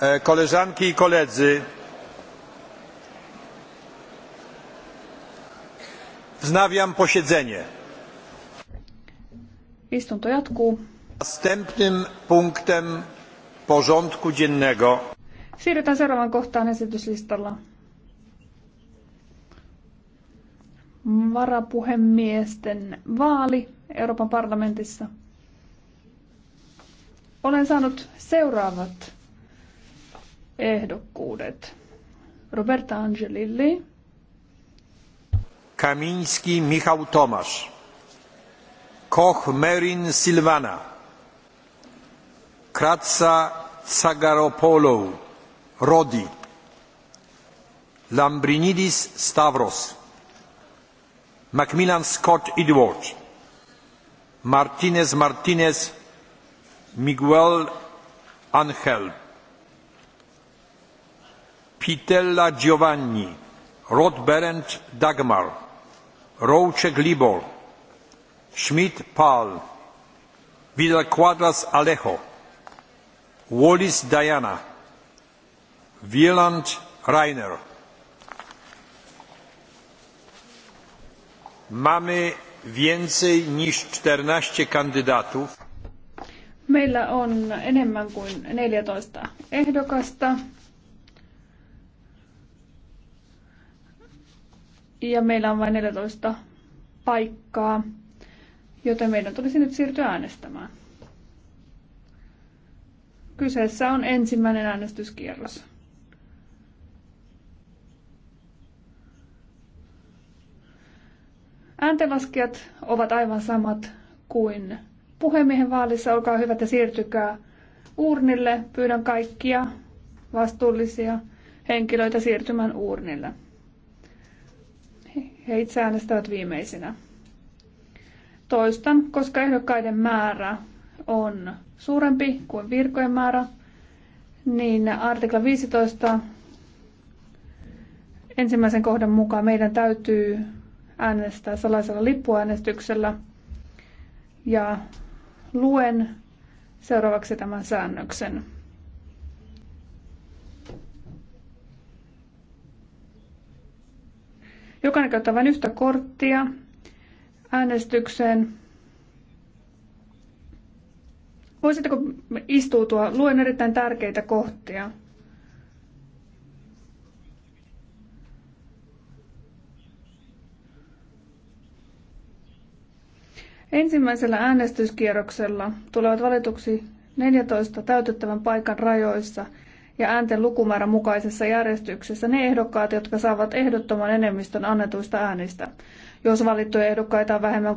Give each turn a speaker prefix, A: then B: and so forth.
A: E, koleżanki i koledzy wznawiam posiedzenie następnym punktem porządku dziennego
B: siirrytään seuraavaan kohtaan esityslistalla varapuhemiesten vaali Euroopan parlamentissa. Olen saanut seuraavat ehdokkuudet. Roberta Angelilli.
A: Kamiński Michał Tomasz. Koch Merin Silvana. Kratsa Tsagaropoulou. Rodi. Lambrinidis Stavros. Macmillan Scott Edward. Martinez Martinez. Miguel Angel Pitella Giovanni, Rodberent Dagmar, Rouczek Libor, Schmidt Paul, Vidal Quadras Alejo, Wallis Diana, Wieland Reiner. Mamy więcej niż 14 kandydatów.
B: Meillä on enemmän kuin 14 ehdokasta. ja meillä on vain 14 paikkaa, joten meidän tulisi nyt siirtyä äänestämään. Kyseessä on ensimmäinen äänestyskierros. Ääntenlaskijat ovat aivan samat kuin puhemiehen vaalissa. Olkaa hyvät ja siirtykää uurnille. Pyydän kaikkia vastuullisia henkilöitä siirtymään uurnille. He itse äänestävät viimeisinä. Toistan, koska ehdokkaiden määrä on suurempi kuin virkojen määrä, niin artikla 15 ensimmäisen kohdan mukaan meidän täytyy äänestää salaisella lippuäänestyksellä. Ja luen seuraavaksi tämän säännöksen. Jokainen käyttää vain yhtä korttia äänestykseen. Voisitteko istuutua? Luen erittäin tärkeitä kohtia. Ensimmäisellä äänestyskierroksella tulevat valituksi 14 täytettävän paikan rajoissa – ja äänten lukumäärän mukaisessa järjestyksessä ne ehdokkaat, jotka saavat ehdottoman enemmistön annetuista äänistä. Jos valittuja ehdokkaita on vähemmän